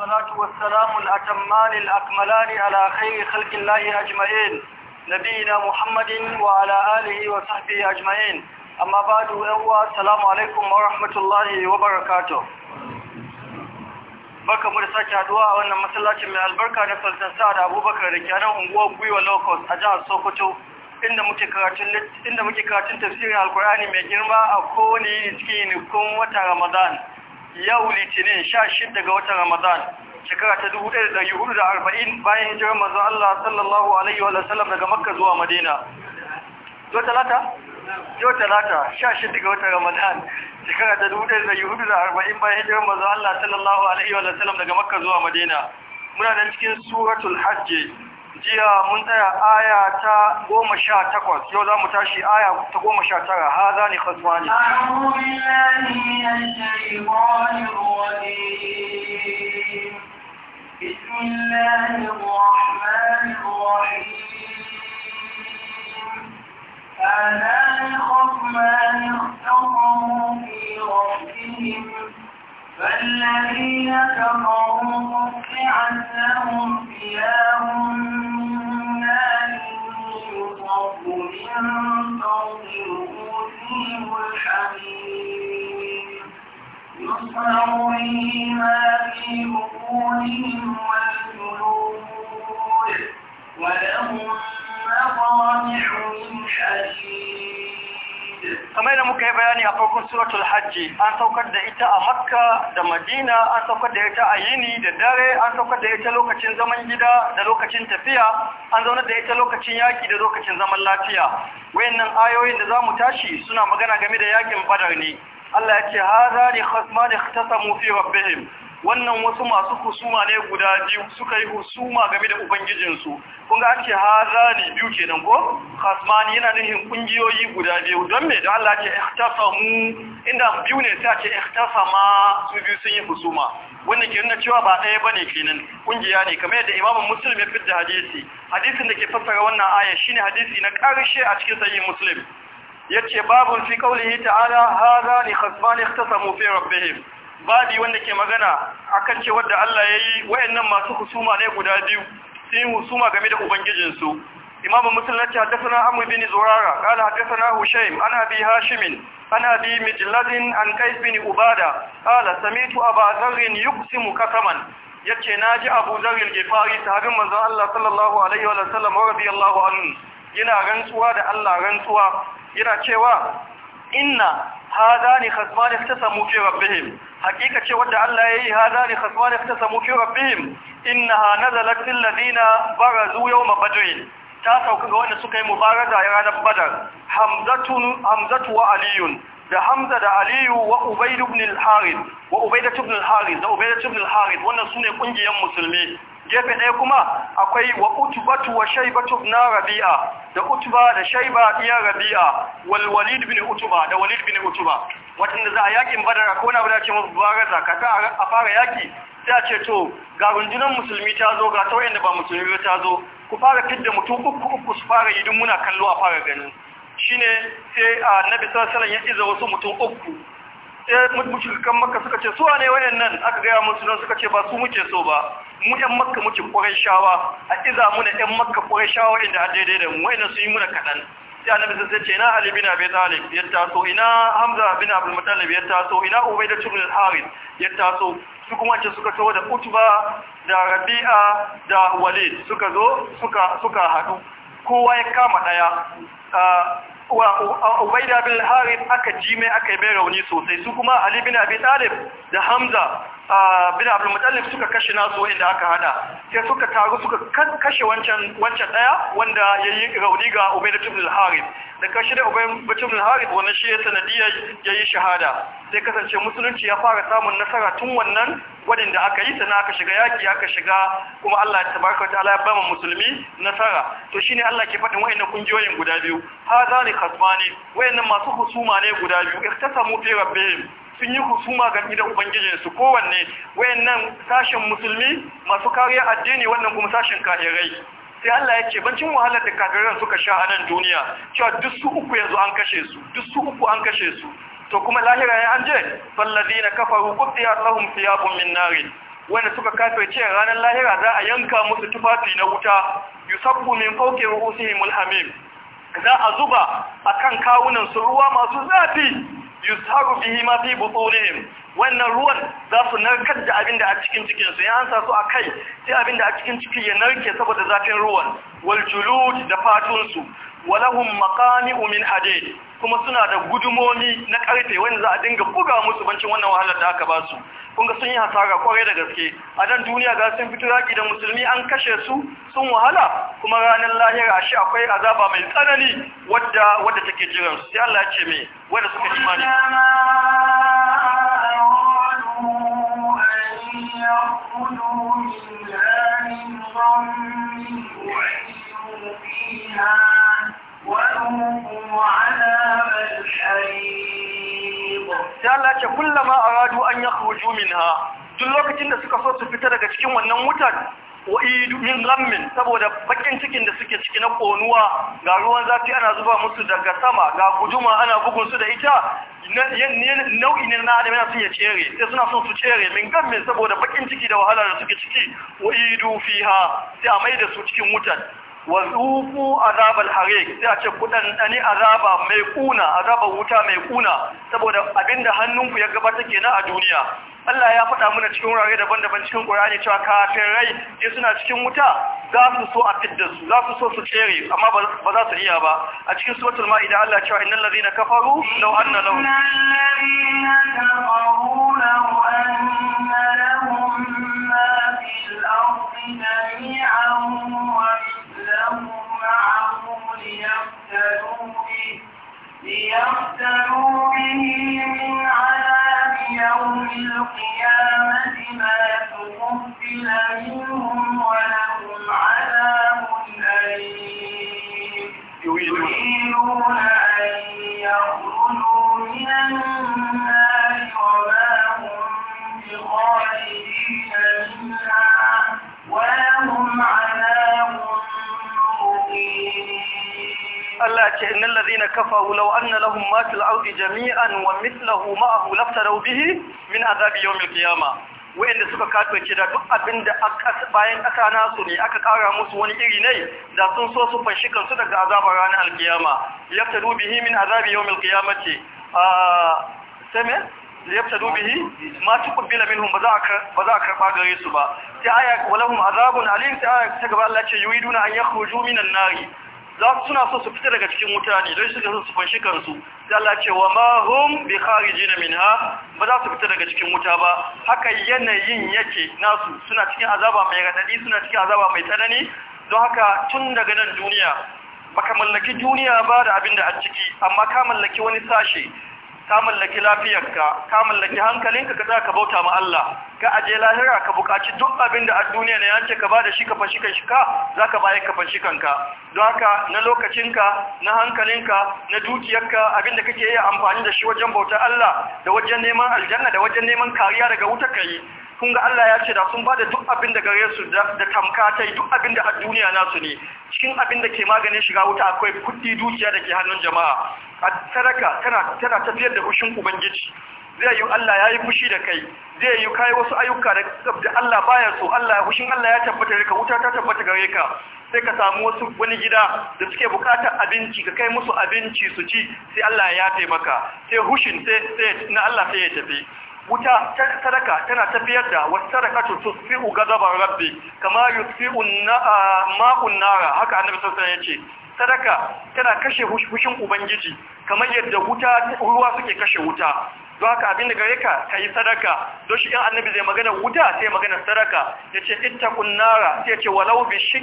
الصلاة والسلام الأتمان الأكملان على خير خلق الله أجمعين نبينا محمد وعلى آله وصحبه أجمعين أما بعد أهوى السلام عليكم ورحمة الله وبركاته barka mu da sake haduwa a wannan masallacin mai albarka na Sultan Sa'ad Abubakar da ke nan unguwar Gwiwa Locust a jihar Sokoto inda muke karatun inda muke karatun tafsirin Alkur'ani mai girma a kowane yini cikin yinikun wata Ramadan yau litinin sha shida ga watan ramadan shekara ta dubu ɗaya da yuhudu da arba'in bayan hijirar manzon Allah sallallahu alaihi wa sallam daga makka zuwa madina yau talata yau talata sha ga watan ramadan shekara ta dubu ɗaya da yuhudu da arba'in bayan hijirar manzon Allah sallallahu alaihi wa sallam daga makka zuwa madina muna nan cikin suratul hajji jiya mun tsaya aya ta 18 yau za mu tashi aya ta 19 sha ha za ni khaswa ne فالذين كفروا قطعت لهم ثياب muka yi bayani a farkon suratul hajji an saukar da ita a makka da madina an saukar da ita a yini da dare an saukar da ita lokacin zaman gida da lokacin tafiya an zaunar da ita lokacin yaki da lokacin zaman lafiya wayannan ayoyin da za mu tashi suna magana game da yakin badar ne Allah ya ce haza ne khasmani ikhtasamu fi rabbihim wannan wasu masu husuma ne guda biyu suka yi husuma game da ubangijinsu kun ga ake haza ne biyu kenan ko ni yana nufin kungiyoyi guda biyu don me don Allah ce ikhtasamu inda biyu ne sai ake ikhtasama su biyu sun yi husuma wannan ke nuna cewa ba ɗaya bane kenan kungiya ne kamar yadda Imam Muslim ya fitta hadisi hadisin da ke fassara wannan aya shine hadisi na ƙarshe a cikin sahih Muslim yace babun fi qaulihi ta'ala hada li khasman ikhtasamu fi rabbihim babi wanda ke magana akan ce wanda Allah yayi wayannan masu husuma ne guda biyu sun husuma game da ubangijin su imam muslim ya ce haddathana amr bin zurara qala haddathana hushaym ana bi hashim ana bi mijladin an qais bin ubada qala sami'tu aba dharr yuqsimu qasaman yace naji abu dharr al fari sahabin manzon Allah sallallahu alaihi wa sallam radiyallahu anhu yana rantsuwa da Allah rantsuwa yana cewa inna hadani khasmani ihtasamu fi rabbihim hakika ce wanda Allah yayi hadani khasmani ihtasamu fi rabbihim innaha nazalat lil ladina barazu yawma badr ta sauka ga wanda suka yi mubaraza a ranar badar hamzatun hamzatu wa aliyun da hamza da aliyu wa ubaid ibn al-harith wa ubaid ibn al-harith da ubaid ibn al-harith wannan sune kungiyar musulmi gefe ɗaya kuma akwai wa utubatu wa shaibatu na rabi'a da utuba da shaiba iya rabi'a wal walid bin utuba da walid bin utuba watanda za a yakin badar ko na bada ce bara baraza ka a fara yaki sai a ce to ga rundunar musulmi ta zo ga tauyen da ba musulmi ta zo ku fara fidda mutum uku uku su fara yi muna kallo a fara ganin shine sai annabi sallallahu alaihi ya iza wasu mutum uku Eh, mushrikan makka suka ce su ne wayannan aka gaya musu don suka ce ba su muke so ba mu ɗan makka muke ƙurayshawa a iza muna ɗan makka ƙurayshawa inda har daidai da mu wayannan su yi muna kaɗan sai annabi sai ce ina ali bin abi talib ya taso ina hamza bin abdul muttalib ya taso ina ubayda bin al-harith ya taso su kuma ce suka tawo da utba da rabi'a da walid suka zo suka suka hadu kowa ya kama daya ah, wa ubaida bin harith aka ji mai aka yi mai rauni sosai su kuma ali bin abi talib da hamza bin abdul mutallib suka kashe nasu wanda aka hada sai suka taru suka kashe wancan daya wanda yi rauni ga ubayd ibn al da kashe da ubayd ibn al-harith shi ya sanadiyar yi shahada sai kasance musulunci ya fara samun nasara tun wannan wadin da aka yi sana aka shiga yaki aka shiga kuma Allah wata ala ya ba musulmi nasara to shine Allah ke fadin na kungiyoyin guda biyu Ha za hazani Wa'in wayannan masu husuma ne guda biyu Ya ta samu fi rabbe. sun yi husuma ga da ubangijin su kowanne nan sashen musulmi masu kariyar addini wannan kuma sashen kahirai sai Allah ya ce bancin wahalar da kafiran suka sha a nan duniya cewa duk su uku yanzu an kashe su duk su uku an kashe su to kuma lahira ya an je falladina kafaru qutiya lahum thiyabun min narin wanda suka ce ranar lahira za a yanka musu tufafi na wuta yusabbu min fawqi ru'usihim alhamim za a zuba akan kawunan su ruwa masu zafi يسحق ي ه ما في بطونهم wannan ruwan za su narkar da abin da a cikin cikinsu ya hansa su a kai sai abin da a cikin ciki ya narke saboda zafin ruwan waljulud da fatunsu walahum maqami'u min hadid kuma suna da gudumomi na karfe wanda za a dinga buga musu bancin wannan wahalar da aka ba su kun ga sun yi hasara kwarai da gaske a dan duniya ga sun fito raki da musulmi an kashe su sun wahala kuma ranar lahira ashe akwai azaba mai tsanani wadda wadda take jiran su sai Allah ya ce me wanda suka mani Yala ce kullum a radu an yi hujjumin ha, tun lokacin da suka so su fita daga cikin wannan mutane, wa'idu min ghammin saboda bakin cikin da suke ciki na konuwa ga ruwan zafi ana zuba musu daga sama ga guduma ana bugun su da ita nau'i ne na adam sun ya cere sai suna son su cere min ghammin saboda bakin ciki da wahala da suke ciki wa'idu fiha sai a mai da su cikin wutar wa zuku azabal hare sai a ce kudan dani azaba mai kuna azaba wuta mai kuna saboda abinda hannunku ya gabata kenan a duniya Allah ya faɗa mana cikin wurare daban-daban cikin Qur'ani cewa kafin rai suna cikin wuta za su so a fidda su za su so su tsere amma ba za su iya ba a cikin suratul ma'ida Allah cewa innal ladhina kafaru law anna lahum alladhina kafaru law anna lahum ma fil ardi jami'an wa mithluhu ma'ahu liyaftaru bihi liyaftaru bihi min منهم ولهم عذاب أليم يريدون أن يخرجوا من النار وما هم بخارجين منها ولهم عذاب Allah ce innal ladhina kafaru law anna lahum ma fil ardi jami'an wa mithluhu ma'ahu laftaraw bihi min adhabi yawmil qiyamah wayanda suka kafirce da duk abinda da bayan ƙasa nasu ne aka ƙara musu wani iri ne da sun so su fanshi kansu daga azabar ranar alkiyama yaftadu bihi min azabi yawmil qiyamati ah, same yaftadu bihi ma tuqbila minhum ba za a karba gare su ba sai aya walahum azabun alim sai aya ta gaba Allah ce yuriduna an yakhruju minan nari za su suna so su fita daga cikin wuta ne don suka so su fanshi kansu sai Allah ce wa ma hum bi kharijina minha ba za su fita daga cikin wuta ba haka yanayin yake nasu suna cikin azaba mai raɗaɗi, suna cikin azaba mai tsanani don haka tun daga nan duniya baka mallaki duniya ba da abin da a ciki amma ka mallaki wani sashe ka mallaki lafiyarka ka mallaki hankalinka ka za ka bauta ma Allah ka aje lahira ka bukaci duk abin da a duniya ne yance ka bada shi ka fashi kan shi ka za ka bayar ka fashi kanka don haka na lokacinka na hankalinka na dukiyarka abin da kake yi amfani da shi wajen bauta Allah da wajen neman aljanna da wajen neman kariya daga wuta kai kun ga Allah ya ce da sun ba da duk abin da gare su da tamka ta yi duk abin da a duniya nasu ne cikin abin da ke maganin shiga wuta akwai kuɗi dukiya da ke hannun jama'a a sadaka tana tafiyar da fushin ubangiji zai yi Allah ya yi fushi da kai zai yi kai wasu ayyuka da Allah baya so Allah ya fushin Allah ya tabbata ka wuta ta tabbata gare ka sai ka samu wasu wani gida da suke bukatar abinci ka kai musu abinci su ci sai Allah ya taimaka sai hushin sai na Allah sai ya tafi wuta sadaka tana tafiyar da wasu sadaka to uga gazabar rabbi kama fi ma'un nara haka annabi sassan ya ce. sadaka tana kashe hushin ubangiji kamar yadda wuta ruwa suke kashe wuta don haka abin da gare ka ka yi sadaka don shi yan annabi zai magana wuta sai magana sadaka ya ce ita kunnara sai ce walau bi shi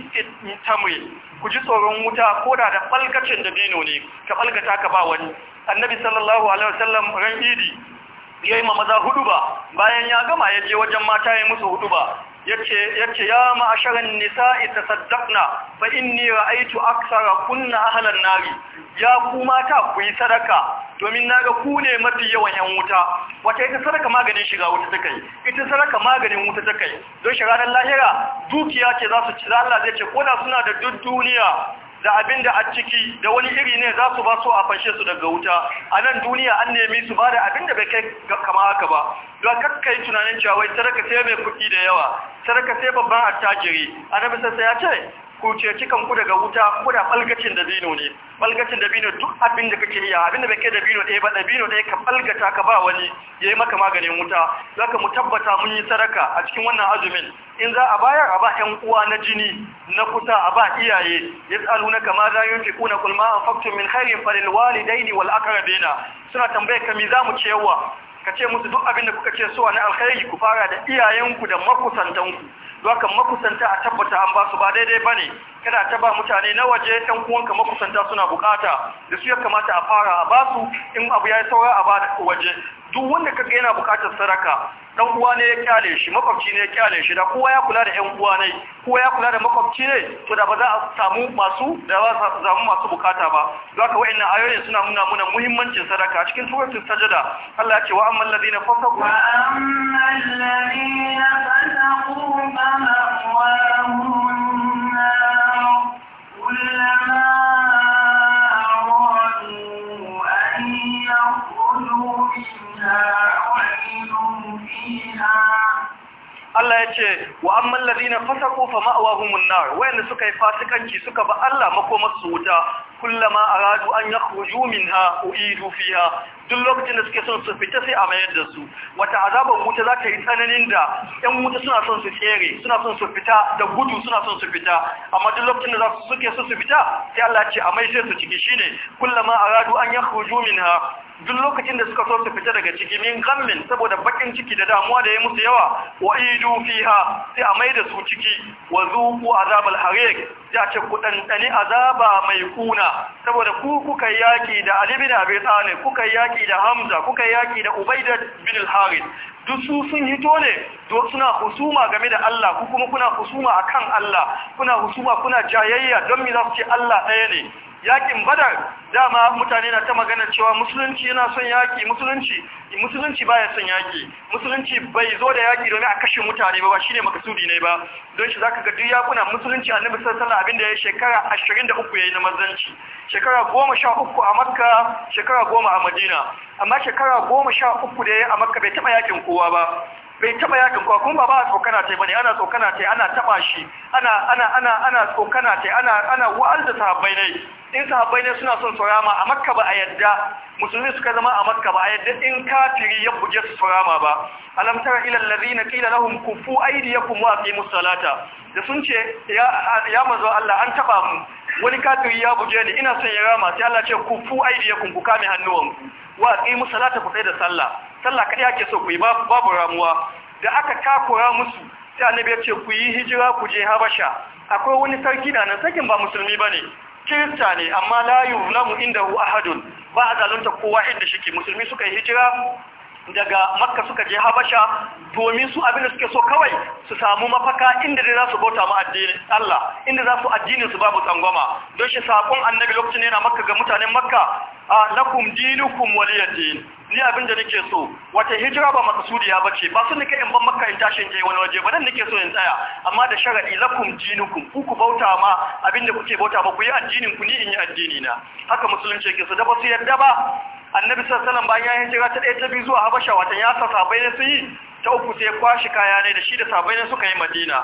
tamri ku ji tsoron wuta ko da da falgacin da ne ka falgata ka ba wani annabi sallallahu alaihi wasallam ran idi ya yi ma maza hudu ba bayan ya gama ya je wajen mata ya musu hudu ba Ya ce ya ma a nisa ita nisa'i tasaddaqna fa inni ra'aytu aksara kunna ahlan nari ya ku mata ku yi sadaka domin ga ku ne mafi yawan yan wuta wata ita sadaka maganin shiga wuta kai ita sadaka maganin wuta ta kai don shiga ranar lahira dukiya ce za su ci Allah zai ce ko da suna da duk duniya da abin da a ciki da wani iri ne za su ba su a fashe su daga wuta a nan duniya an nemi su ba da abin da bai kai kama haka ba don kakka yi tunanin cewa wai sarakasai mai kuɗi da yawa sadaka sai babban attajiri annabi sassa ya ce ku ceci ku daga wuta ko da da dabino ne da dabino duk abin da kake iya abin da bai kai dabino ɗaya ba dabino ɗaya ka falgata ka ba wani yayi maka maganin wuta zaka mu tabbata mun yi sadaka a cikin wannan azumin in za a bayar a ba ɗan uwa na jini na kuta a ba iyaye na kama za yunfiquna na kulma anfaqtum min khairin falil walidaini wal aqrabina suna tambayar ka mi za mu ciyarwa ka ce musu duk abin da kuka ce suwa na alkhairi ku fara da iyayenku da makusantanku dokan makusanta a tabbata an ba su ba daidai bane kada ta ba mutane na waje ɗan uwanka makusanta suna bukata da su ya kamata a fara a ba su in abu ya yi saura a ba waje duk wanda kaga yana bukatar sadaka dan uwa ne ya kyale shi makwabci ne ya kyale shi da kowa ya kula da ƴan uwa ne kowa ya kula da makwabci ne to da ba za a samu masu da ba za samu masu bukata ba zaka wa'annan ayoyin suna nuna muna muhimmancin sadaka cikin suratul sajada Allah ya ce wa ammal ladina fasaqu wa ammal ladina fasaqu fa ce wa amman ladina fasaqu fa ma'wahumun nar wayanda suka yi fasikanci suka ba Allah makomar su wuta kullama aradu an yakhruju minha uidu fiha duk lokacin da suke son su fita sai a mayar da su wata azabar wuta za ta yi tsananin da yan wuta suna son su tsere suna son su fita da gudu suna son su fita amma duk lokacin da za su suke son su fita sai Allah ce a mai sai su ciki shine kullama aradu an yakhruju minha duk lokacin da suka so su fita daga ciki min gammin saboda bakin ciki da damuwa da ya musu yawa wa idu fiha sai a da su ciki wa azabar azabal hariq ya ce ku azaba mai kuna saboda ku kuka yaki da alibina bai tsane kuka yaki yaƙi da Hamza kuka yaƙi da Ubaidah bin al-Harith duk su sun hito ne duk suna husuma game da Allah ku kuma kuna husuma akan Allah kuna husuma kuna jayayya don me za su ce Allah ɗaya ne yakin badar dama mutane na ta magana cewa musulunci yana son yaki musulunci musulunci baya son yaki musulunci bai zo da yaki domin a kashe mutane ba shine makasudi ne ba don shi zaka ga duk yakuna musulunci annabi sallallahu alaihi wasallam abinda ya shekara 23 yayin manzanci shekara 13 a makka shekara 10 a madina amma shekara 13 da yi a makka bai taba yakin kowa ba bai taba yakin kowa kuma ba a tsokana tai bane ana tsokana tai ana taba shi ana ana ana ana tsokana tai ana ana wa'al da sahabbai ne in sahabbai ne suna son surama a makka ba a yadda musulmi suka zama a makka ba a yadda in kafiri ya buge su surama ba alam tara na allazina qila lahum kufu aydiyakum wa aqimus salata da sun ce ya mazo Allah an taba mu wani kafiri ya buge ni ina son ya rama sai Allah ce kufu aydiyakum ku kame hannuwan. wa aqimus salata ku da sallah sallah kadai ake so ku yi babu ramuwa da aka takura musu sai annabi ya ce ku yi hijira ku je habasha akwai wani sarki da nan sarkin ba musulmi bane kirista ne amma la yuzlamu hu ahadun ba a zalunta kowa inda shike musulmi suka yi hijira daga makka suka je habasha domin su abin da suke so kawai su samu mafaka inda za su bauta ma addini Allah inda za su addinin su babu tsangwama don shi saƙon annabi lokacin yana makka ga mutanen makka a lakum dinukum waliyatin ni abin da nake so wata hijira ba maksudiya bace ba sun nake in ban makka in tashi in je wani waje ba dan nake so in tsaya amma da sharadi lakum dinukum ku ku bauta ma abin da kuke bauta ba ku yi addinin ku ni in yi addini na haka musulunci yake so da ba su yadda ba annabi sallallahu alaihi wasallam bayan ya hijira ta ɗaya ta biyu zuwa habasha watan ya sa sabai ne su yi ta uku sai kwashi kaya ne da shi da sabai ne suka yi madina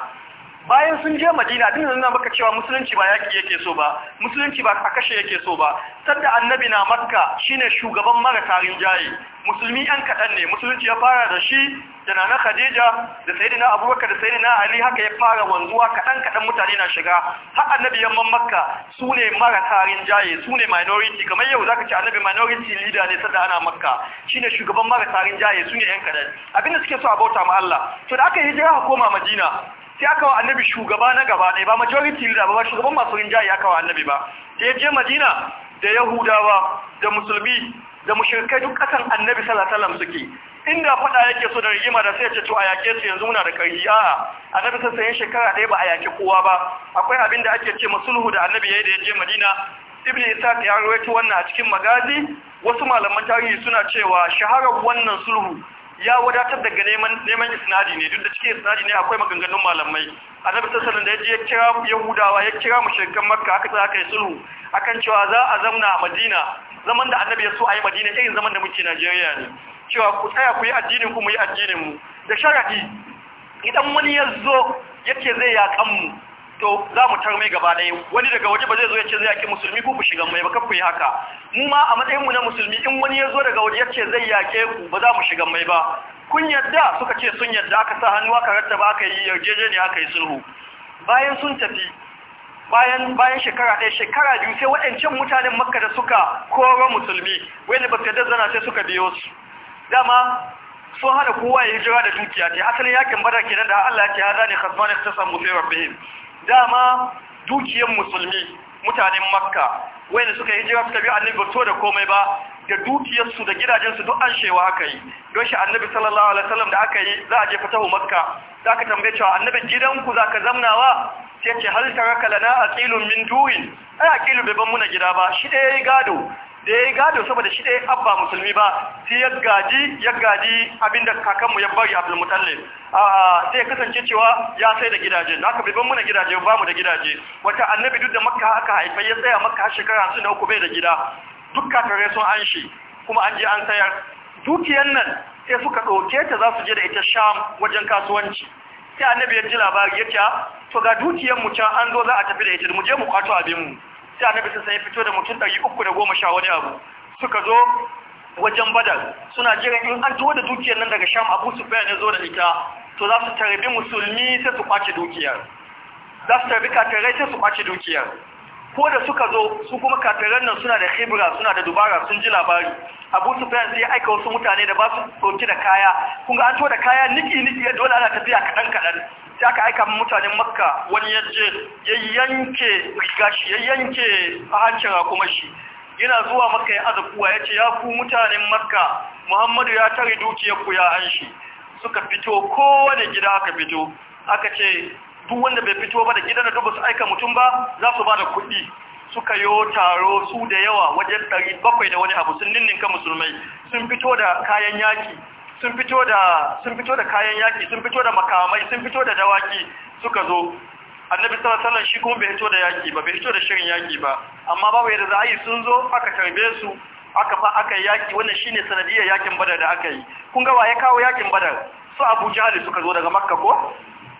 bayan sun je madina din nuna maka cewa musulunci ba yaki yake so ba musulunci ba a kashe yake so ba sadda annabi na makka shine shugaban mara tarin jaye musulmi yan kaɗan ne musulunci ya fara da shi da nana khadija da sayyidina abubakar da sayyidina ali haka ya fara wanzuwa kaɗan kaɗan mutane na shiga har annabi yamman makka su ne mara tarin jaye su ne minority kamar yau zaka ce annabi minority leader ne sadda ana makka shine shugaban mara tarin jaye su ne yan kaɗan abinda suke so a bauta ma Allah to da aka hijira ka koma madina sai aka wa annabi shugaba na gaba ɗaya ba majority leader ba shugaban masu rinjaye aka wa annabi ba da ya je madina da yahudawa da musulmi da mushirkai duk kasan annabi sallallahu suke inda faɗa yake so da rigima da sai ya ce to a yake su yanzu muna da a a'a annabi sun sai shekara ɗaya ba a yake kowa ba akwai abin da ake ce masulhu da annabi yayi da ya je madina ibn isa ya rawaito wannan a cikin magazi wasu malaman tarihi suna cewa shaharar wannan sulhu ya wadatar daga neman isnadi ne duk da cikin isnadi ne akwai maganganun malamai annabi sallallahu da yaje ya kira yahudawa ya kira mushrikan makka aka sa kai yi sulhu akan cewa za a zamna a madina zaman da annabi ya so a yi madina irin zaman da muke najeriya ne cewa ku tsaya ku yi addinin ku mu yi addinin mu da sharadi idan wani ya zo yake zai yakan mu to za mu tarmai gaba ɗaya wani daga waje ba zai zo ya ce zai yaƙi musulmi ku ku shiga mai ba kan haka mu ma a matsayinmu na musulmi in wani ya zo daga waje ya ce zai yaƙe ku ba za mu shiga mai ba kun yadda suka ce sun yadda aka sa hannu aka ba aka yi yarjejeniya aka yi sulhu bayan sun tafi bayan bayan shekara ɗaya shekara biyu sai waɗancan mutanen makka da suka koro musulmi wani ba su yadda zana sai suka biyo su dama sun hana kowa ya hijira da dukiya ce asalin yakin badar kenan da Allah ya ce zane khasman iktasamu fi rabbihim dama dukiyar musulmi mutanen makka wanda suka yi hijira suka bi annabi ba so da komai ba da dukiyarsu da gidajensu duk an shewa aka yi don shi annabi sallallahu alaihi wasallam da aka yi za a je fatahu makka za ka tambaye cewa annabi gidanku za ka zamna wa? sai ce hal taraka lana aqilun min duin ai aqilu bai ban muna gida ba shi da yayi gado da ya yi gado saboda shi ɗaya abba musulmi ba sai ya gaji ya gaji abinda kakanmu ya bari abu mutallin sai ya kasance cewa ya sai da gidaje na aka biban muna gidaje ba mu da gidaje wata annabi duk da makka aka haifai ya tsaya makka shekara su na uku bai da gida duk kakare sun an shi kuma an je an sayar dukiyan nan sai suka ɗauke ta za su je da ita sham wajen kasuwanci sai annabi ya ji labari ya ce to ga dukiyan mu can an zo za a tafi da ita mu je mu kwato abin mu sai annabi sai ya fito da mutum ɗari uku da goma sha wani abu suka zo wajen badar suna jiran in an tuwo da dukiyar nan daga sham abu su ya zo da ita to za su tarbi musulmi sai su kwace dukiyar za su tarbi katarai sai su kwace dukiyar ko da suka zo su kuma kafiran nan suna da khibra suna da dubara sun ji labari abu sufyan sai aika wasu mutane da ba su dauki da kaya kun ga an to da kaya niki niki dole ana tafiya kadan kadan sai aka aika mutanen makka wani yaje ya yanke riga shi ya yanke hancin kuma shi yana zuwa makka ya azakuwa ya ce ya ku mutanen makka muhammadu ya tare dukiyar ku ya an suka fito kowane gida aka fito aka ce duk wanda bai fito ba da gidan da duk su aika mutum ba za su ba da kuɗi suka yo taro su da yawa wajen ɗari bakwai da wani abu sun ninninka musulmai sun fito da kayan yaki sun fito da sun fito da kayan yaki sun fito da makamai sun fito da dawaki suka zo annabi sallallahu alaihi wasallam shi kuma bai fito da yaki ba bai fito da shirin yaki ba amma babu yadda za a yi sun zo aka tarbe su aka fa aka yaki wannan shine sanadiyar yakin badar da aka yi kun ga waye kawo yakin badar su abu jahali suka zo daga makka ko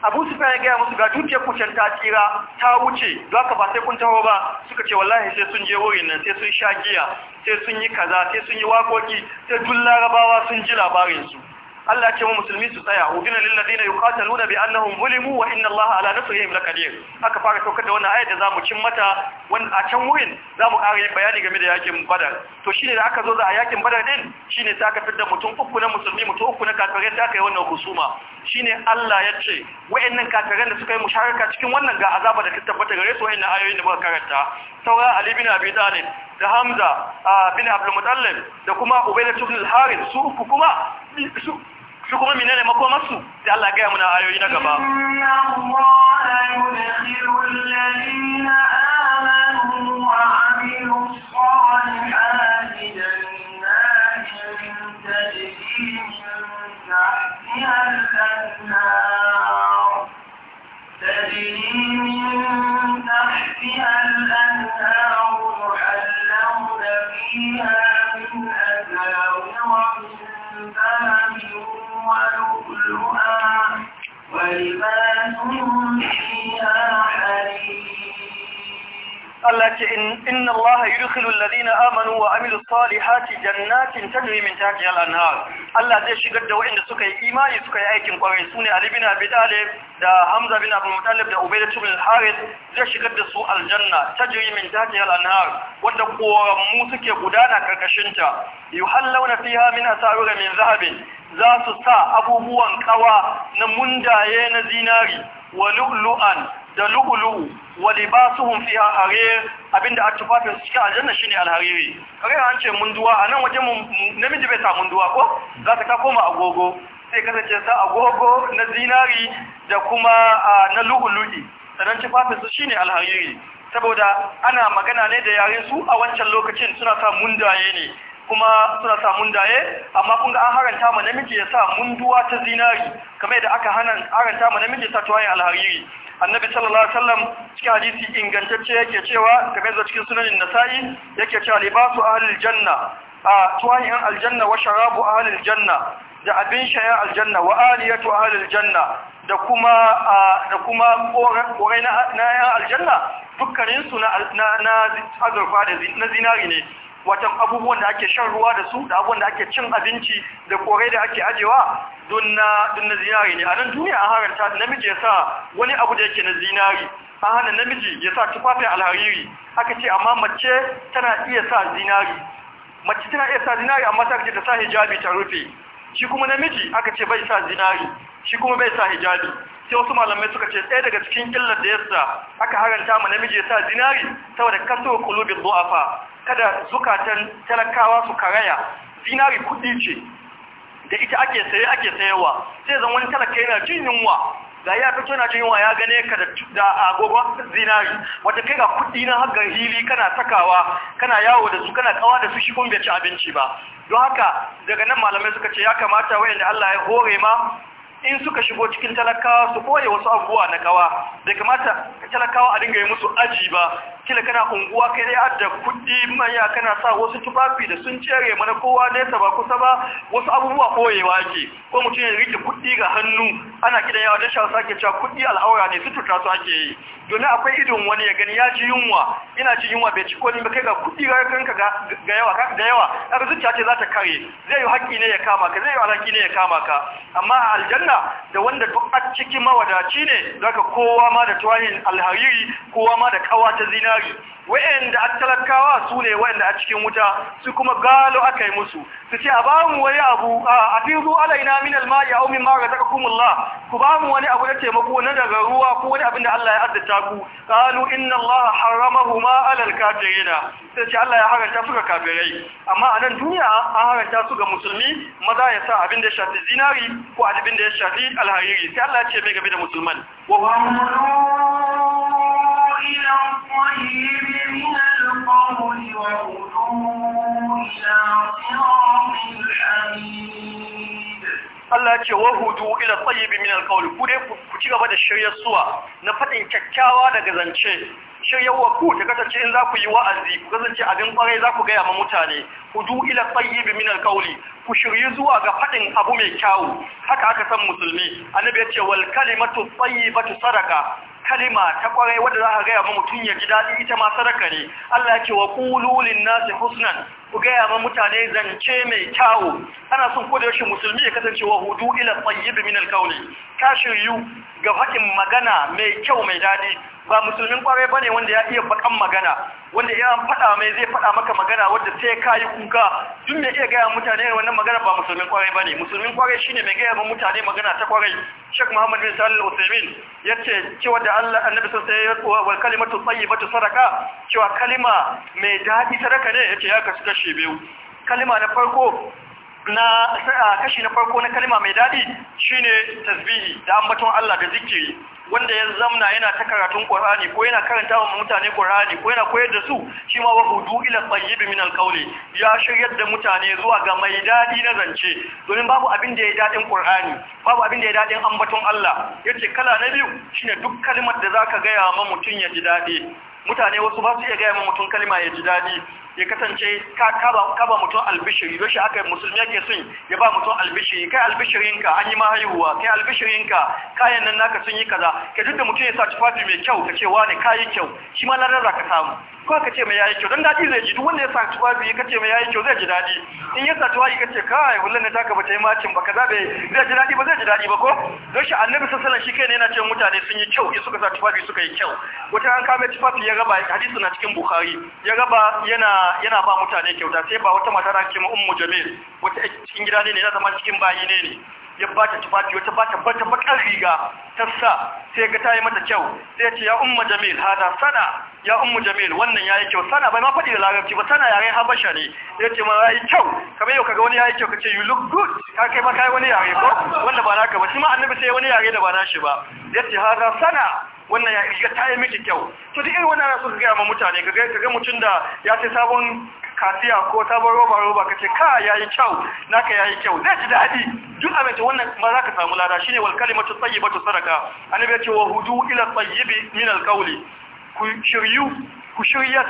abu su ya gaya musu ga dukiyar kucin ta tsira ta wuce za ka ba sai kun taho ba suka ce wallahi sai sun je wurin nan sai sun sha giya sai sun yi kaza sai sun yi wakoki sai duk larabawa sun ji labarinsu Allah ya ce mu musulmi su tsaya udina lil ladina yuqataluna bi annahum zulimu wa inna Allah ala nasrihim lakadir aka fara saukar da wannan ayat da zamu cin mata wani a can wurin zamu ƙara yin bayani game da yakin Badar to shine da aka zo za a yakin Badar din shine sai aka fitar mutum uku na musulmi mutum uku na kafirai sai aka yi wannan husuma shine Allah ya ce wayannan kafiran da suka yi musharaka cikin wannan ga azaba da ta tabbata gare su wayannan ayoyin da muka karanta saura Ali bin Abi Talib da Hamza ah, bin Abdul mutallib da kuma Ubaydah ibn al-Harith su uku kuma su kuma menene makomarsu sai Allah gaya muna ayoyi na gaba تجري من Allah ce inna Allah yudkhilu alladhina amanu wa amilu salihati jannatin tajri min tahtiha al-anhar Allah zai shigar da waɗanda suka yi imani suka yi aikin kwarai sune Ali bin Abi Talib da Hamza bin Abdul Muttalib da Ubaydah bin harith zai shigar da su aljanna tajri min tahtiha al-anhar wanda koramu suke gudana karkashin ta yuhallawna fiha min asawir min zahabin za su sa abubuwan kawa na mundaye na zinari wa lu'lu'an da lu'ulu'u wa libasuhum fiha harir abinda a tufafin su cikin aljanna shine alhariri kare an ce munduwa anan waje namiji bai sa munduwa ko za ta ka koma agogo sai kasance sa agogo na zinari da kuma na lu'ulu'i sanan tufafin su shine alhariri saboda ana magana ne da yare su a wancan lokacin suna sa mundaye ne kuma suna samun daye, amma kun ga an haranta ma namiji ya sa munduwa ta zinari kamar yadda aka haranta ma namiji ya sa alhariri annabi sallallahu alaihi wasallam cikin hadisi ingantacce yake cewa kamar yadda cikin sunanin nasa'i yake cewa libasu ahlil janna a tuwayen aljanna wa sharabu ahlil janna da abin shaya aljanna wa aliyatu ahlil janna da kuma da kuma kore na na aljanna dukkanin su na na azurfa da na zinari ne watan abubuwan da ake shan ruwa da su da abubuwan da ake cin abinci da korai da ake ajewa don na zinari ne a nan duniya an haranta namiji ya sa wani abu da yake na zinari an hana namiji ya sa tufafin alhariri aka ce amma mace tana iya sa zinari mace tana iya sa zinari amma ta ta sa hijabi ta rufe shi kuma namiji aka ce bai sa zinari shi kuma bai sa hijabi sai wasu malamai suka ce ɗaya daga cikin illar da yasa aka haranta ma namiji ya sa zinari saboda kaso kulubin du'afa kada zukatan talakawa su karaya zinari kudi ce da ita ake saye ake sayewa sai zan wani talaka yana jin yunwa ga ya fito na jin yunwa ya gane ka da agogon zinari wata kai ga kudi na hagar hili kana takawa kana yawo da su kana kawa da su shi kun bai ci abinci ba don haka daga nan malamai suka ce ya kamata wayanda Allah ya hore ma in suka shigo cikin talakawa su koye wasu abubuwa na kawa da kamata talakawa a dinga yi musu aji ba kila kana unguwa kai dai adda kuɗi maya kana sa wasu tufafi da sun cere mana kowa ta ba kusa ba wasu abubuwa koyewa ke ko mutum ya rike kuɗi ga hannu ana kidan yawa da shawo sake cewa kuɗi al'aura ne ta su ake yi domin akwai idon wani ya gani ya ji yunwa Ina ji yunwa bai ci ko ba kai ga kuɗi ga kanka ga yawa da yawa kaga zuciya ce za ta kare zai yi haƙƙi ne ya kama ka zai yi alhaki ne ya kama ka amma a aljanna da wanda duk a cikin mawadaci ne zaka kowa ma da tuwahin alhariri kowa ma da kawa ta zina nari wa'anda a talakawa su ne wa'anda a cikin wuta su kuma galo aka yi musu su ce a ba mu wani abu a zuwa alaina min omin mara ta ma razaqakumullah ku ba mu wani abu na taimako na daga ruwa ko wani abin da Allah ya azzata ku qalu inna Allah haramahuma alal kafirina sai ce Allah ya haranta su ga kafirai amma a nan duniya an haranta su ga musulmi maza ya sa abin da ya shafi zinari ko abin da ya shafi alhariri sai Allah ya ce mai game da musulman Allah ce wa hudu ila tsayibi min alkawul ku dai ku ci gaba da shiryar suwa na faɗin kyakkyawa daga zance wa ku ta kasance in za ku yi wa'azi ku kasance abin ƙwarai za ku gaya ma mutane hudu ila tsayibi min alkawuli ku shirya zuwa ga faɗin abu mai kyawu haka aka san musulmi annabi ya ce wal kalimatu tsayibatu sadaka kalima ta kwarai wadda za a gaya ma mutum ya ji daɗi ita ma sadaka ne Allah ya ce wa kululin nasi husnan ku gaya ma mutane zance mai kyawu ana son ko da yaushe musulmi ya kasance wa hudu ila tsayyib min alkauli ka shiryu ga faɗin magana mai kyau mai daɗi ba musulmin kwarai bane wanda ya iya bakan magana wanda ya faɗa mai zai faɗa maka magana wanda sai ka yi kuka duk mai iya gaya mutane wannan magana ba musulmin kwarai bane musulmin kwarai shine mai gaya ma mutane magana ta kwarai Sheikh Muhammad bin Salih Al-Uthaymeen yace cewa da Allah Annabi sallallahu alaihi wasallam wal kalimatu tayyibatu sadaka cewa kalima mai dadi sadaka ne yace ya kasu kashi biyu kalima na farko na kashi na farko na kalima mai daɗi shine tasbihi da ambaton Allah da zikiri wanda ya zamna yana ta karatun Qur'ani ko yana karanta wa mutane Qur'ani ko yana koyar da su shi ma wa hudu ila tayyib min ya shiryar da mutane zuwa ga mai daɗi na zance domin babu abin da ya dadin Qur'ani babu abin da ya dadin ambaton Allah yace kala na biyu shine duk kalmar da zaka ga ya ma mutum ya ji daɗi. mutane wasu ba su iya gaya mutum kalima ya ji daɗi ya kasance ka ba mutum albishiri shi aka musulmi yake sun ya ba mutum albishiri kai albishirinka an yi mahaihuwa kai albishirinka kayan nan naka sun yi kaza ka duk da mutum ya sa tufafi mai kyau ka ce wa wani kayi kyau shi ma larar ka samu ko ka ce mai yayi kyau dan dadi zai ji duk wanda ya sa tuwabi ka ce mai yayi kyau zai ji dadi in ya sa tuwabi ka ce kai wallan ta taka bata yi macin ba kaza bai zai ji daɗi ba zai ji dadi ba ko don shi annabi sallallahu alaihi wasallam shi kai ne yana cewa mutane sun yi kyau suka sa tuwabi suka yi kyau wata an kame tuwabi ya raba hadisi na cikin bukhari ya raba yana yana ba mutane kyauta sai ba wata mata da ake ma ummu jamil wata cikin gida ne ne na zama cikin bayi ne ya bata tufafi wata bata bata bakar riga ta sa sai ga tayi mata kyau sai ce ya ummu jamil hada sana ya ummu jamil wannan yayi kyau sana bai ma fadi da larabci ba sana yare habasha ne ya ce ma yayi kyau kamar yau kaga wani yayi kyau kace you look good ka kai ma kai wani yare ko wanda ba naka ba shi ma annabi sai wani yare da ba nashi ba ya ce hada sana wannan ya ta yi miki kyau to duk irin wannan su gaya ma mutane ka ga mutum da ya ce sabon kasiya ko sabon roba roba ka ce ka yayi kyau naka yayi kyau zai ji daɗi duk abin da wannan ma ka samu lada shine wal kalimatu tayyibatu sadaka annabi ya ce wa hudu ila tayyibi min al qawli ku shiryu ku shiryat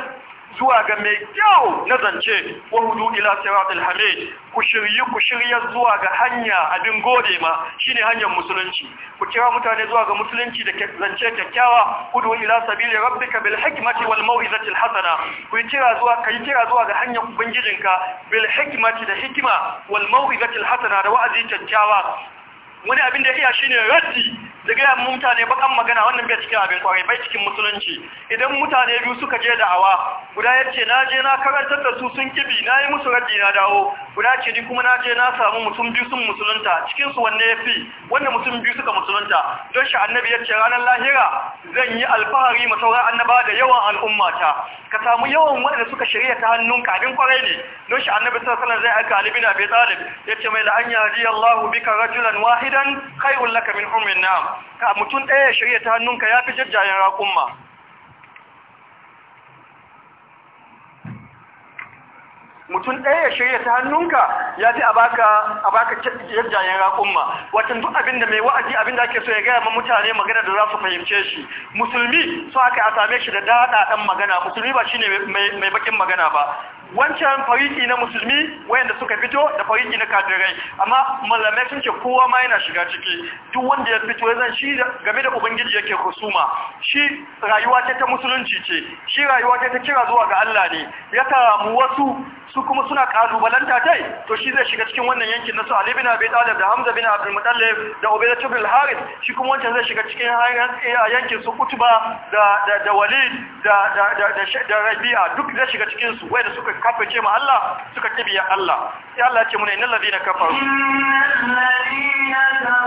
zuwa ga mai kyau na zance wa hudu ila siratul hamid ku shiryi ku shirya zuwa ga hanya abin gode ma shine hanyar musulunci ku kira mutane zuwa ga musulunci da zance kyakkyawa hudu ila sabili rabbika bil hikmati wal mau'izati al hasana ku kira zuwa kai kira zuwa ga hanyar ubangijinka bil hikmati da hikima wal mau'izati al hasana da wa'azi kyakkyawa wani abin da iya shine raddi da gaya mutane bakan magana wannan bai cikin abin kwarai bai cikin musulunci idan mutane biyu suka je da'awa guda ya ce na je na karantar da su sun kibi na yi musu raɗi na dawo guda ce ni kuma na je na samu mutum biyu sun musulunta cikin su wanne ya fi wanda mutum biyu suka musulunta don shi annabi ya ce ranar lahira zan yi alfahari ma sauran annaba da yawan al'ummata ka samu yawan wanda suka shirya ta hannun abin kwarai ne don shi annabi sallallahu sallan zai aika alibina bai talib ya ce mai la'an yaji Allahu bika rajulan wahidan kai laka min umrin na'am ka mutum ɗaya shirya ta hannun ka ya fi jajjayen raƙumma mutum ɗaya ya shirya ta hannunka ya ji a baka jajjayen raƙumma watan duk abin da mai wa'azi abin da ake so ya gaya ma mutane magana da za su fahimce shi musulmi su aka a same shi da daɗaɗan magana musulmi ba shi ne mai bakin magana ba wancan fariki na musulmi wayanda suka fito da fariki na kafirai amma malamai sun ce kowa ma yana shiga ciki duk wanda ya fito ya zan shi game da ubangiji yake kusuma shi rayuwa ta ta musulunci ce shi rayuwa ta ta kira zuwa ga Allah ne ya karamu wasu su kuma suna kalubalanta tai to shi zai shiga cikin wannan yankin na su Ali bin Abi Talib da Hamza bin Abdul Muttalib da Ubayd bin al-Harith shi kuma wancan zai shiga cikin yankin su Utba da da Walid da da da Rabi'a duk zai shiga cikin su wayanda suka ce ma Allah suka kibiya Allah sai Allah ya ce mu ne innal ladina kafaru innal ladina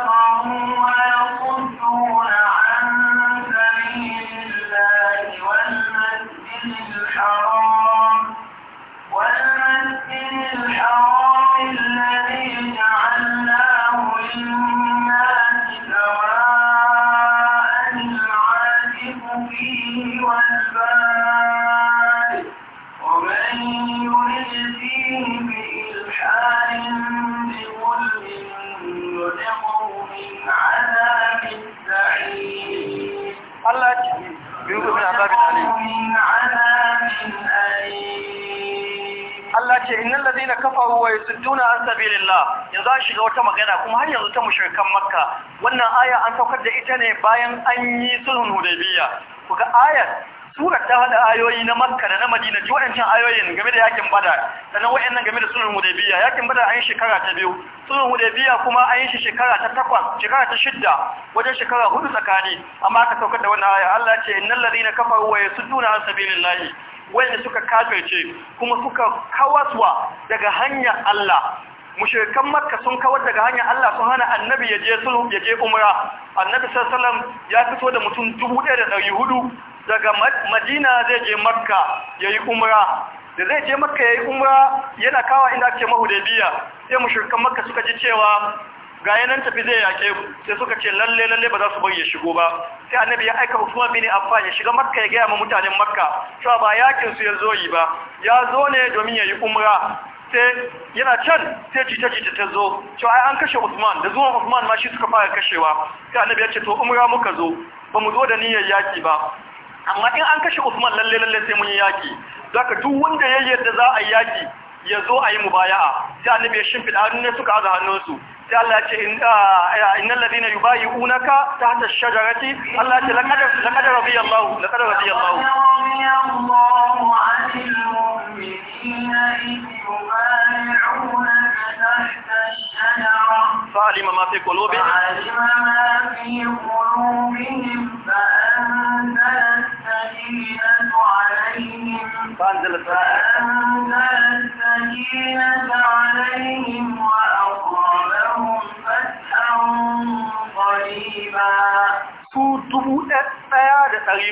alladhina kafaru wa yasudduna an sabilillah yanzu an shiga wata magana kuma har yanzu ta mushrikan makka wannan aya an saukar da ita ne bayan an yi sulhun hudaybiya kuga aya surar ta hada ayoyi na makka da na madina ji waɗancan ayoyin game da yakin badar sannan wayannan game da sulhun hudaybiya yakin badar an yi shekara ta biyu sulhun hudaybiya kuma an yi shi shekara ta takwas shekara ta shidda wajen shekara hudu tsakani amma aka saukar da wannan aya Allah ya ce innal ladina kafaru wa yasudduna an sabilillah wanda suka kafirce kuma suka kawaswa daga hanyar Allah mushrikan makka sun kawar daga hanyar Allah sun hana annabi ya je sulhu umra annabi sallallahu alaihi ya fito da mutum 1400 daga Madina zai je makka yayi umra da zai je makka yayi umra yana kawa inda ake mahudabiya sai mushrikan makka suka ji cewa ga yanan tafi zai yaƙe ku sai suka ce lalle lalle ba za su bari shigo ba sai annabi ya aika Usman bin Affan ya shiga Makka ya gaya ma mutanen Makka cewa ba yakin su ya zo yi ba ya zo ne domin ya yi umra sai yana can sai jita-jita ta zo cewa ai an kashe Usman da zuwan Usman ma shi suka fara kashewa sai annabi ya ce to umra muka zo ba mu zo da niyyar yaki ba amma in an kashe Usman lalle lalle sai mun yi yaki zaka duk wanda yayyar da za a yi yaki ya zo a yi mubaya'a sai annabi ya shimfiɗa hannun suka aza hannunsu الله تي آه، ان الذين يبايعونك تحت الشجره الله تي لقد لقد رضي الله لقد رضي الله عن المؤمنين اذ يبايعونك تحت الشجره فعلم ما في قلوبهم فعلم ما في قلوبهم فانزل السكينه عليهم فانزل السكينه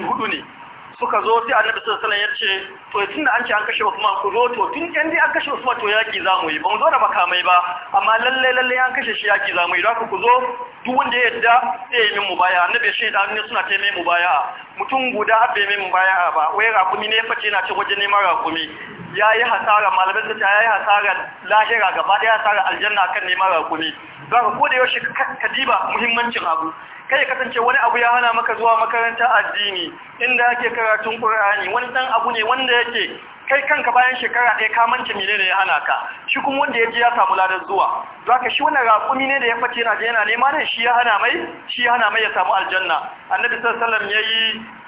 hudu ne suka zo sai annabi sallallahu alaihi wasallam ya ce to tunda an ce an kashe Usman ku zo to tun kan dai an kashe Usman to yaki zamu yi ba mu zo da makamai ba amma lalle lalle an kashe shi yaki zamu yi da ku zo duk wanda ya yadda sai ya yi min mubaya annabi shi da annabi suna taimai mubaya mutum guda abbe mai mubaya ba wai rakumi ne ce na ce waje neman rakumi ya yi hasara malamai ta ya yi hasara lahira gaba daya hasara aljanna kan neman rakumi don ko da yaushe kadiba muhimmancin abu kai kasance wani abu ya hana maka zuwa makaranta addini inda ake karatun ƙur'ani wani ɗan abu ne wanda yake kai kanka bayan shekara ɗaya ka manta mene ne ya hana ka shi kuma wanda ya je ya samu ladar zuwa za ka shi wannan raƙumi ne da ya fice yana da yana nema ne shi ya hana mai shi ya hana mai ya samu aljanna annabi sallallahu alaihi wasallam yayi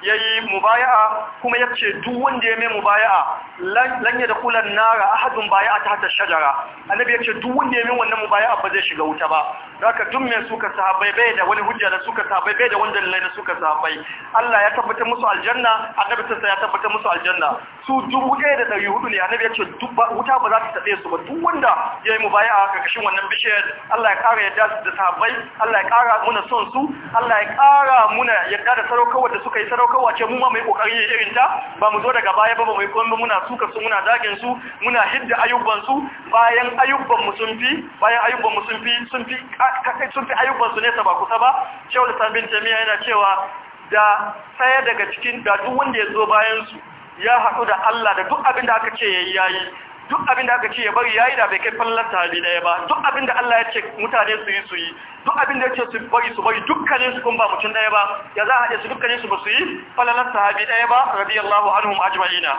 yayi mubaya'a kuma ya ce duk wanda ya mai mubaya'a lan ya dakula nara ahadun baya'a ta hatta shajara annabi yace duk wanda ya mai wannan mubaya'a ba zai shiga wuta ba ka duk mai suka sahabbai bai da wani hujja da suka sahabbai bai da wanda lai da suka sahabbai Allah ya tabbatar musu aljanna annabi sallallahu alaihi wasallam ya tabbatar musu aljanna su duk kai da ɗari hudu ne annabi ya ce duk wuta ba za ta taɗe su ba duk wanda ya yi mu baya a ƙarƙashin wannan bishiyar Allah ya ƙara yadda da sabai Allah ya ƙara muna son su Allah ya ƙara muna yadda da sarokawa da suka yi sarokawa ce mu ma mai kokari ya irin ta ba mu zo daga baya ba ba mai kuma muna suka su muna zagin su muna hidda ayyuban su bayan ayyuban mu sun fi bayan ayyuban mu sun fi sun sun fi ayyuban su ne ta ba kusa ba Shehu sabin Jami'a yana cewa da saya daga cikin da duk wanda ya zo bayan su ya haɗu da Allah da duk abin da aka ce ya yayi duk abin da aka ce ya bari ya yi da bai kai fallar sahabi daya ba duk abin da Allah ya ce mutane su yi su yi duk abin da ya ce su bari su bari dukkanin su kun ba mutum daya ba ya za a haɗe su dukkanin su ba su yi fallar sahabi daya ba radiyallahu anhum ajma'ina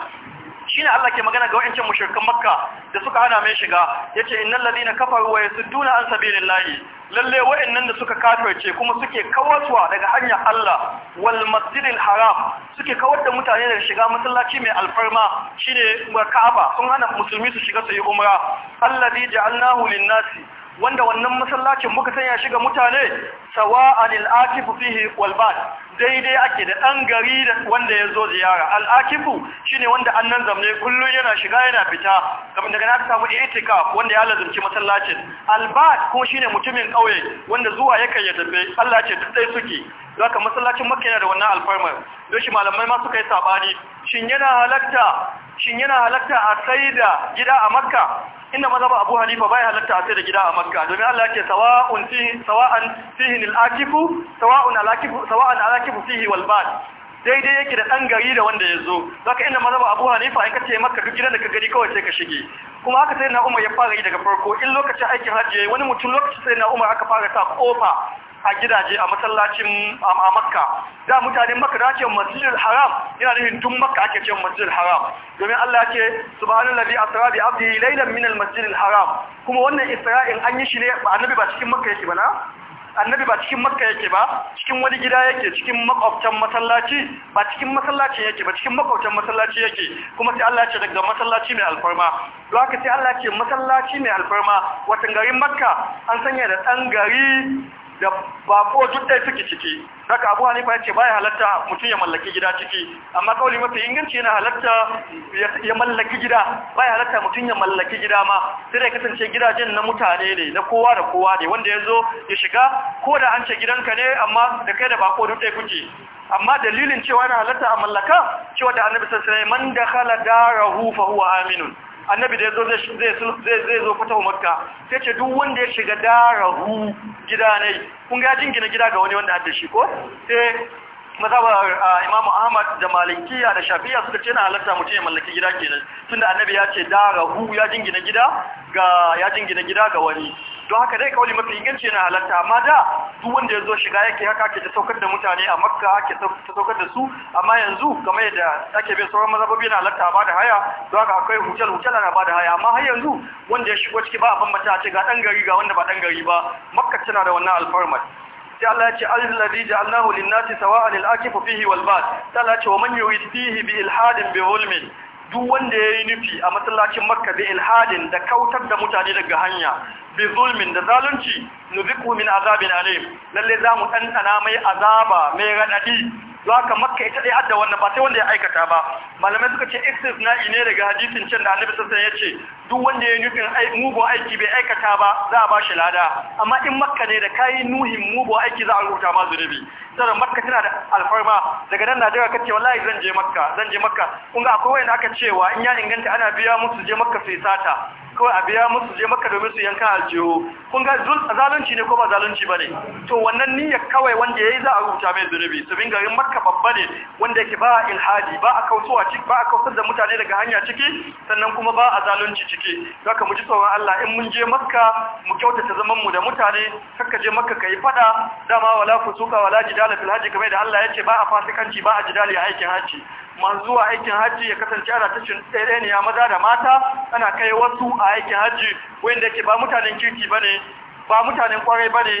shi ne Allah ke magana ga wayancin mushrikan Makka da suka hana mai shiga Ya ce, yace innal ladina kafaru wa na an sabilillahi lalle nan da suka kafarce kuma suke kawaswa daga hanyar Allah wal masjidin haram suke kawar da mutane da shiga masallaci mai alfarma shine Ka'aba sun hana musulmi su shiga su yi umra alladhi ja'alnahu lin-nasi wanda wannan masallacin muka sanya shi ga mutane sawa al-akifu fihi wal daidai ake da ɗan gari da wanda ya zo ziyara al'akifu shi ne wanda annan zamne kullum yana shiga yana fita kamar daga na samu itika wanda ya lazumci masallacin al kuma shi ne mutumin kauye wanda zuwa yake ya tafi allah ce duk suke zaka masallacin makka yana da wannan alfarmar don shi malamai ma suka yi saɓani shin yana halatta shin yana halatta a sai da gida a makka inda mazaba abu Halifa bai halatta a sai da gida a makka domin Allah yake sawa'un fihi sawa'an fihi al-akifu sawa'un al fihi wal daidai yake da ɗan gari da wanda ya zo zaka inda mazaba abu Halifa in ka ce duk gidan da ka gari kawai sai ka shige kuma haka sai na umar ya fara yi daga farko in lokacin aikin hajji wani mutum lokacin sai na umar aka fara sa kofa a gidaje a masallacin a makka da mutanen makka da ce masjidil haram yana nufin tun makka ake ce masjidil haram domin Allah ce subhanallazi asra bi abdi laylan min almasjidil haram kuma wannan isra'in an yi shi ne Ba annabi ba cikin makka yake ba na annabi ba cikin makka yake ba cikin wani gida yake cikin makwabtan masallaci ba cikin masallacin yake ba cikin makwabtan masallaci yake kuma sai Allah ce daga masallaci mai alfarma don haka sai Allah ce masallaci mai alfarma watan garin makka an sanya da dan gari da bako duk da suke ciki haka abu hanifa ya ce baya halatta mutum ya mallaki gida ciki amma kauli mafi inganci yana halatta ya mallaki gida baya halatta mutum ya mallaki gida ma sai dai kasance gidajen na mutane ne na kowa da kowa ne wanda ya zo ya shiga ko da an ce gidanka ne amma da kai da bako duk da kuke amma dalilin cewa yana halatta a mallaka cewa da annabi sallallahu alaihi wasallam man dakhala darahu fa huwa aminun annabi da yazo zai zai zai zo fatahu makka sai ce duk wanda ya shiga darahu gida ne kun ga jingina gida ga wani wanda hadda shi ko sai mazaba Imam Ahmad da Malikiya da Shafiya suka ce na halatta mutum ya mallaki gida kenan tunda annabi ya ce darahu ya jingina gida ya jingina gida ga wani don haka dai kawai mafi inganci na halatta amma da duk wanda ya zo shiga yake haka ke ta saukar da mutane a makka ke ta saukar da su amma yanzu kamar yadda ake bin sauran mazhabobi na halatta ba da haya don haka akwai hotel-hotel ana ba da haya amma har yanzu wanda ya shigo ciki ba a bambanta a ce ga dan gari ga wanda ba dan gari ba makka tana da wannan alfarmar sai Allah ya ce allazi ja'alnahu lin-nasi sawa'an al-akifu fihi wal-bad sai Allah ya ce wa man yuridu fihi bi ilhadin bi zulmin duk wanda ya yi nufi a masallacin makka bi ilhadin da kautar da mutane daga hanya bi zulmin da zalunci nufi min azabin alim lalle za mu ɗanɗana mai azaba mai raɗaɗi don haka makka ita dai adda wannan ba sai wanda ya aikata ba malamai suka ce na ne daga hadisin can da annabi sassan ya ce duk wanda ya nufin mugun aiki bai aikata ba za a ba shi lada amma in makka ne da kayi nuhin mugun aiki za a rubuta ma zunubi sannan makka tana da alfarma daga nan na ce wallahi zan je makka zan je makka kun ga akwai wanda aka cewa in ya inganta ana biya musu je makka sai sata kawai a biya musu je maka domin su yanka aljihu kun ga zalunci ne ko ba zalunci ba ne to wannan niyyar kawai wanda ya yi za a rubuta mai zunubi su bin garin makka babba ne wanda yake ba a ilhadi ba a kautuwa ciki ba a kautar da mutane daga hanya ciki sannan kuma ba a zalunci ciki za ka muji tsoron Allah in mun je makka mu kyautata zaman mu da mutane kaka je maka ka yi faɗa. dama wala fusuka wala jidala fil haji kamar da Allah ya ce ba a fasikanci ba a jidali a aikin haji masu zuwa aikin hajji ya kasance ana tashin tsere ne ya maza da mata ana kai wasu a aikin hajji wanda ke ba mutanen kirki ba ne ba mutanen kwarai ba ne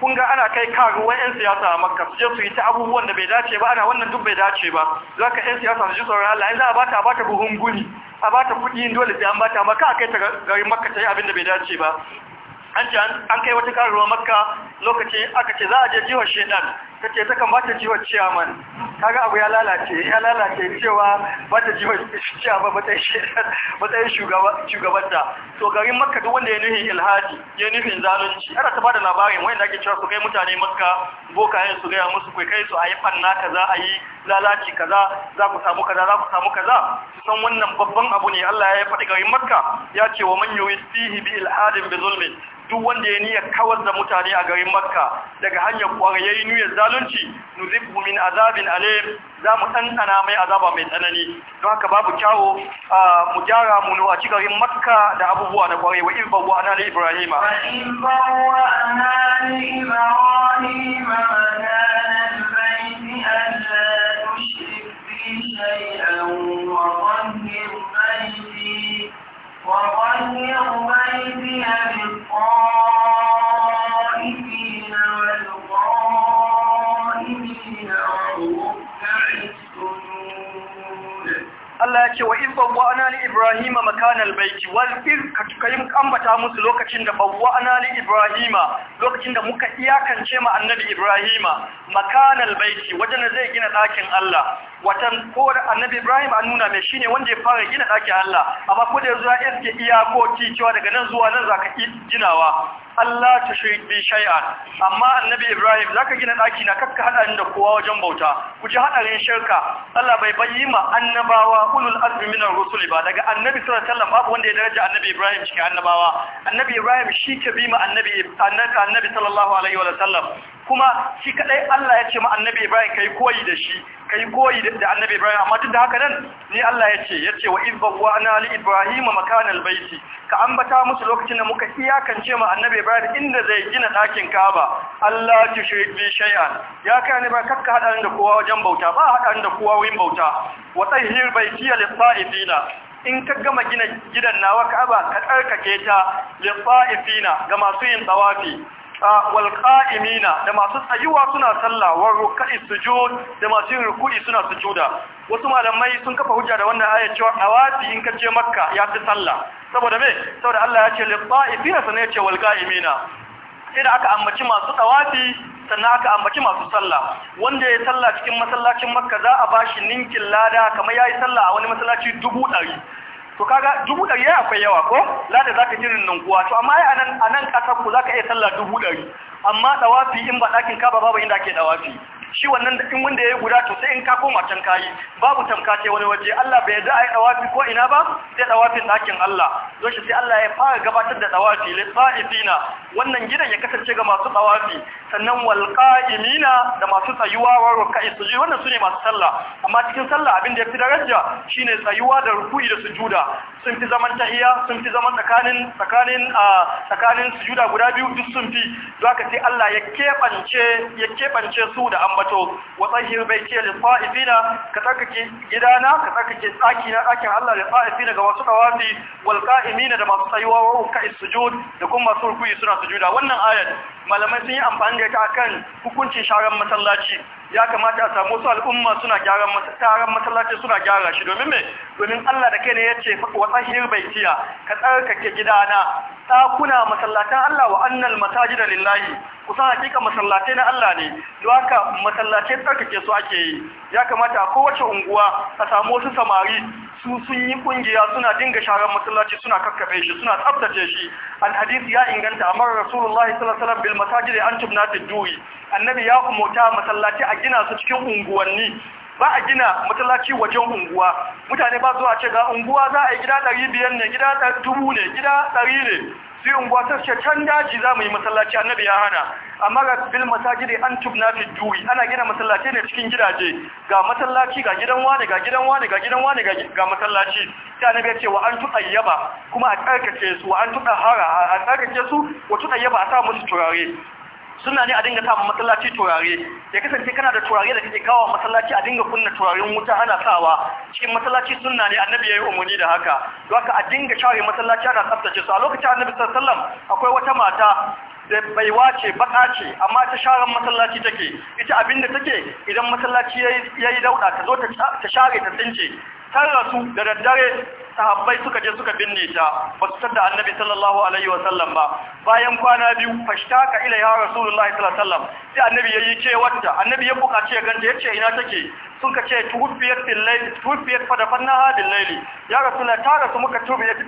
kun ana kai karuwan 'yan siyasa a makka su je su yi ta abubuwan da bai dace ba ana wannan duk bai dace ba za ka 'yan siyasa su ji tsoron Allah in za a bata a ta buhun guni a bata kuɗi dole sai an bata maka a kai ta garin makka ta yi abin da bai dace ba an ce an kai wata karuwa makka lokacin aka ce za a je jihar shedan ta kan bata ba ta jiwa ciyaman kaga abu ya lalace ya lalace cewa ba ta jiwa ciyaman matsayin shugabanta to garin makka duk wanda ya nufin ilhaji ya nufi zalunci ana ta bada labarin wanda ake cewa su kai mutane makka yin su gaya musu kai su a yi fanna kaza a yi lalaci kaza za ku samu kaza za ku samu kaza san wannan babban abu ne Allah ya faɗi garin makka ya ce wa man yusihi bi ilhadin bi zulmin duk wanda ya niyyar kawar da mutane a garin makka daga hanyar kwarayayi niyyar zalunci nuzibhu min azabin alim za mu ɗanɗana mai azaba mai tsanani don haka babu kyawo mu gyara mu a ci garin makka da abubuwa na kwarai wa irba wa ana ibrahima وغير بيد الصالح Allah ya ce wa in babu ana li ibrahima makana baiti wal iz kayin kambata musu lokacin da ana li ibrahima lokacin da muka iyakance ma annabi ibrahima Makanal baiti wajen da zai gina dakin Allah watan ko annabi ibrahim an nuna mai shine wanda ya fara gina dakin Allah amma ko da yanzu ya iske iyakoki cewa daga nan zuwa nan zaka ginawa Allah ta shirbi shay'a amma annabi Ibrahim zaka gina daki na kakka hada ni da kowa wajen bauta ku ji hadarin shirka Allah bai ma annabawa ulul azmi minar rusul ba daga annabi sallallahu alaihi wasallam babu wanda ya daraja annabi Ibrahim cikin annabawa annabi Ibrahim shi ke bi ma annabi annabi sallallahu alaihi wasallam kuma shi kadai Allah ya ce ma annabi Ibrahim kai koyi da shi kai koyi da annabi Ibrahim amma duk da haka nan ni Allah ya ce ya ce wa izbawwana li Ibrahim makan baiti ka ambata musu lokacin da muka iyakance wa annabi Ibrahim inda zai gina dakin Kaaba Allah tushrik bi shay'an ya kani ba kakka hada da kowa wajen bauta ba hada da kowa wajen bauta wa bai baiti lil ta'ifina in ka gama gina gidan nawa Ka'aba ka tsarkake ta lil ta'ifina ga masu yin tawafi wal da masu tsayuwa suna sallah wa ruk'i sujud da masu yin suna sujuda wasu malamai sun kafa hujja da wannan ayat cewa awati in ka je makka ya fi sallah saboda me saboda Allah ya ce lil qa'ifina ya ce wal idan sai aka ambaci masu tsawafi sannan aka ambaci masu sallah wanda ya sallah cikin masallacin makka za a bashi ninkin lada kamar ya yi sallah a wani masallaci dubu ɗari to kaga dubu ɗari ya akwai yawa ko lada za ka jirin nan kuwa to amma ai anan anan ƙasar ku za ka iya sallah dubu ɗari amma ɗawafi in ba ɗakin kaba babu inda ake ɗawafi shi wannan da in wanda yayi guda to sai in ka koma can kayi babu tamka ce wani waje Allah bai yarda ai dawafi ko ina ba sai dawafin dakin Allah don shi sai Allah ya fara gabatar da dawafi li sa'ifina wannan gidan ya kasance ga masu dawafi sannan wal qa'imina da masu tsayuwa wa su ji wannan sune masu sallah amma cikin sallah abin da fi daraja shine tsayuwa da ruku'i da sujuda sun fi zaman tahiyya sun fi zaman tsakanin tsakanin tsakanin sujuda guda biyu duk sun fi zaka sai Allah ya kebance ya kebance su da ambato wa tsahir baiti lil ka tsakake gidana ka tsakake tsaki na tsakin Allah lil ga masu tawafi wal qa'imina da masu tsayuwa wa ruku'i sujud da kuma masu ruku'i suna sujuda wannan ayat malamai sun yi amfani da ita akan hukuncin sharan masallaci ya kamata a samu su al'umma suna gyaran taron masallaci suna gyara shi domin me domin Allah da kai ne yace wa tsahir baitiya ka tsarkake gidana ɗakuna masallatan Allah wa annal masajida lillahi kusan hakika masallatai na Allah ne duwaka masallacin tsarkake su ake yi ya kamata a kowace unguwa a samu wasu samari su sun yi kungiya suna dinga sharar masallaci suna kakkafe shi suna tsabtace shi al hadisi ya inganta amara rasulullahi sallallahu alaihi wasallam bil masajidi an tubna taduri annabi ya umurta masallaci a gina su cikin unguwanni ba a gina masallaci wajen unguwa mutane ba zuwa ce ga unguwa za a yi gida biyar ne gida dubu ne gida 100 ne sai unguwa ta ce can daji za mu yi masallaci annabi ya hana amma ga bil masajidi an tubna fi duri ana gina masallaci ne cikin gidaje ga masallaci ga gidan wani ga gidan wani ga gidan wani ga masallaci sai annabi ya ce wa an yaba, kuma a tsarkake su wa an hara a tsarkake su wa yaba a sa musu turare suna ne a dinga sa masallaci turare ya kasance kana da turare da kake kawo masallaci a dinga kunna turaren wuta ana sawa cikin masallaci sunna ne annabi yayi umarni da haka don haka a dinga share masallaci ana tsaftace su a lokacin annabi sallallahu alaihi wasallam akwai wata mata da bai ce baka ce amma ta sharan masallaci take ita abinda take idan masallaci yayi dauka ta zo ta share ta tsince kan rasu da daddare sahabbai suka je suka binne ta ba su da annabi sallallahu alaihi wa sallam ba bayan kwana biyu fashtaka ila ya rasulullahi sallallahu alaihi wa sallam sai annabi yayi ce wata annabi ya buka ce ganta yace ina take sun ka ce tuhfiyat fil layl tuhfiyat fa dafannaha bil layl ya rasulullahi ta rasu muka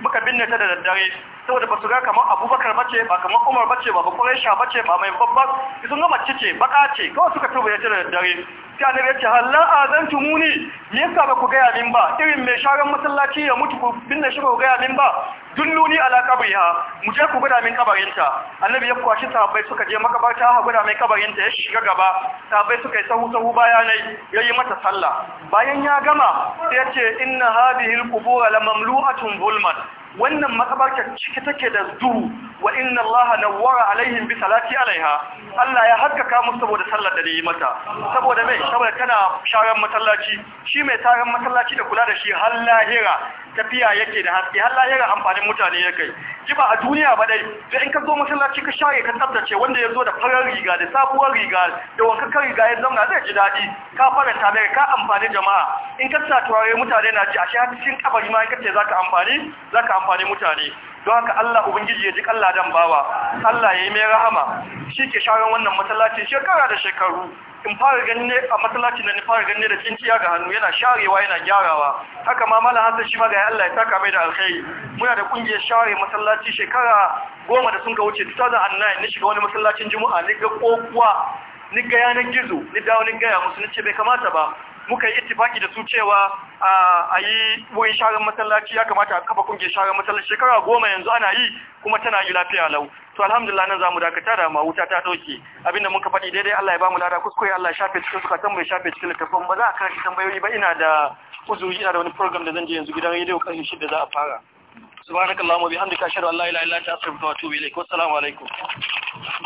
muka binne ta da daddare saboda ba su ga kamar Abubakar bace ba kamar Umar bace ba ba kuma ya shafa ce ba mai babban sun ga mace ce baka ce kawai suka tuba ya cire da dare sai ya ce halla azantu muni yasa ba ku gaya min ba irin mai sharan masallaci ya mutu ku binne shi ba ku gaya min ba dulluni ala kabriha mu je ku gwada min kabarinta annabi ya kwashi sahabbai suka je makabarta ha gwada mai kabarinta ya shiga gaba sahabbai suka yi sahu sahu bayanai yayi mata sallah bayan ya gama sai ya ce inna hadhihi alqubur la mamlu'atun zulman wannan makabarta ciki take da duhu wa inna allaha nawwara alaihim bi salati alaiha Allah ya haskaka musu saboda sallar da yi mata saboda mai saboda kana sharan masallaci shi mai sharan masallaci da kula da shi har lahira tafiya yake da haske har lahira amfanin mutane ya kai ji ba a duniya ba dai da in ka zo masallaci ka share ka tsabtace wanda ya zo da farar riga da sabuwar riga da wankakkar riga ya zauna zai ji daɗi ka faranta mai ka amfani jama'a in ka sa turare mutane na ci a shi har cikin kabari ma in ka ce za ka amfani za ka amfani mutane don haka Allah Ubangiji ya ji Allah dan bawa Allah ya yi mai rahama shi ke sharan wannan masallacin shekara da shekaru in fara ganin a masallacin da ni fara ganin da kinciya ga hannu yana sharewa yana gyarawa haka ma mala hasan shi ma ga Allah ya saka mai da alkhairi muna da kungiyar share masallaci shekara goma da sun ka wuce 2009 ni shiga wani masallacin juma'a ni ga kokuwa ni ga yanar gizo ni dawo ni gaya musu ni ce bai kamata ba muka yi ittifaki da su cewa a yi wurin sharar masallaci ya kamata a kafa kungiyar sharar masallaci shekara goma yanzu ana yi kuma tana yi lafiya lau to alhamdulillah nan zamu dakata da ma wuta ta dauke abinda muka faɗi daidai Allah ya bamu lada kuskure Allah ya shafe cikin suka tambaye shafe cikin littafin ba za a karanta tambayoyi ba ina da uzuri ina da wani program da zan je yanzu gidan rediyo shi shida za a fara subhanakallahumma bihamdika ashhadu an la ilaha illa anta astaghfiruka wa atubu ilaik wassalamu alaikum